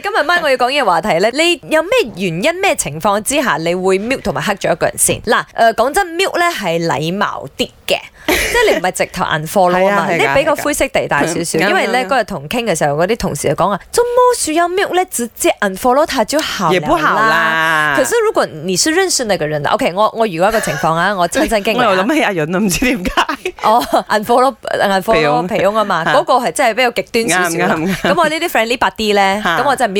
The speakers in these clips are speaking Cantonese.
今日晚我要講嘅個話題咧，你有咩原因、咩情況之下你會 mute 同埋黑咗一個人先？嗱，誒，講真 mute 咧係禮貌啲嘅，即係你唔係直頭 unfollow 嘛，你係比較灰色地帶少少。因為咧嗰日同傾嘅時候，嗰啲同事就講啊，做魔術有 mute 咧，直接 unfollow 佢就好啦。也不好啦。其實如果你是認識那個人 OK，我我遇到一個情況啊，我親身經歷。我又諗起阿潤啦，唔知點解？哦，unfollow，unfollow 皮擁啊嘛，嗰個係真係比較極端少少。咁我呢啲 friend 呢白啲咧，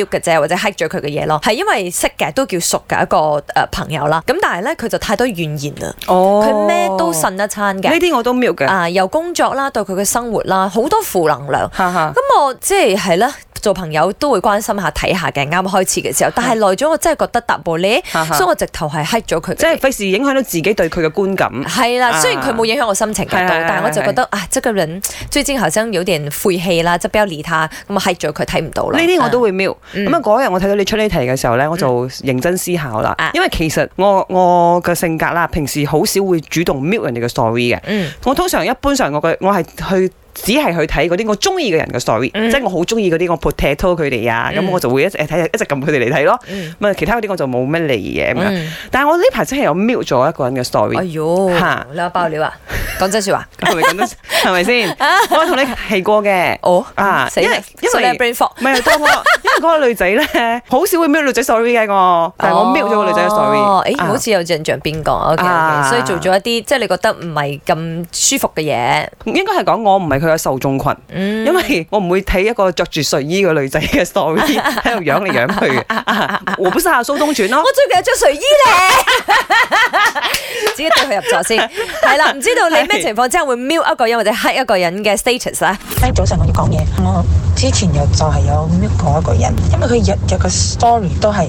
嘅啫，或者黑咗佢嘅嘢咯，係因為識嘅都叫熟嘅一個誒、呃、朋友啦。咁但係咧，佢就太多怨言啦。哦、oh,，佢咩都信一餐嘅。呢啲我都 mute 嘅。啊、呃，由工作啦，對佢嘅生活啦，好多負能量。咁 我即係係啦。做朋友都會關心下睇下嘅，啱開始嘅時候，但係耐咗我真係覺得突步呢，啊、哈所以我直頭係 hide 咗佢。即係費事影響到自己對佢嘅觀感。係啦，啊、雖然佢冇影響我心情，的但係我就覺得啊，即係人輪最之生有啲人晦氣啦，即係比較利他，咁啊 hide 咗佢睇唔到啦。呢啲我都會 mute。咁啊，嗰日我睇到你出呢題嘅時候呢，嗯、我就認真思考啦。因為其實我我嘅性格啦，平時好少會主動 mute 人哋嘅 story 嘅。嗯、我通常一般上我嘅我係去。只係去睇嗰啲我中意嘅人嘅 story，嗯、即係我好中意嗰啲我 potato 佢哋啊，咁、嗯、我就會一直睇一直撳佢哋嚟睇咯。唔係、嗯、其他嗰啲我就冇乜嚟嘅咁樣。嗯、但係我呢排真係有 mute 咗一個人嘅 story。吓你有爆料啊！ 講真說話，係咪講真？係咪先？我同你提過嘅，我啊，因為因為 brain fog，唔係，當個因為嗰個女仔咧，好少會瞄女仔 story 嘅我，但係我瞄咗個女仔嘅 story，誒，我好似有印象邊個？OK OK，所以做咗一啲即係你覺得唔係咁舒服嘅嘢，應該係講我唔係佢嘅受眾群，因為我唔會睇一個着住睡衣嘅女仔嘅 story 喺度養嚟養去嘅。我本身蘇東泉咯，我最近有着睡衣咧。自己對號入座先，係啦，唔知道你咩情況之後會 mute 一個人或者 hide 一個人嘅 status 啊？早上我要講嘢，我之前就係有 mute 過一個人，因為佢日日嘅 story 都係，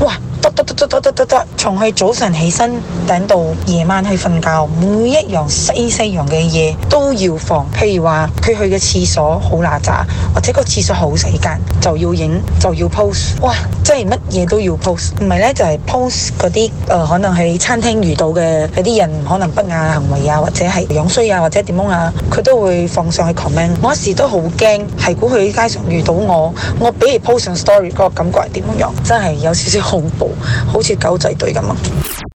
哇！得從佢早晨起身等到夜晚去瞓覺，每一樣細細樣嘅嘢都要放。譬如話佢去嘅廁所好邋遢，或者個廁所好細間，就要影就要 post。哇，真係乜嘢都要 post。唔係呢，就係 post 嗰啲誒，可能喺餐廳遇到嘅嗰啲人可能不雅行為啊，或者係樣衰啊，或者點樣啊，佢都會放上去 comment。我一時都好驚，係估佢喺街上遇到我，我比如 post 上 story 嗰個感覺係點樣？真係有少少恐怖。好似狗仔隊咁咯。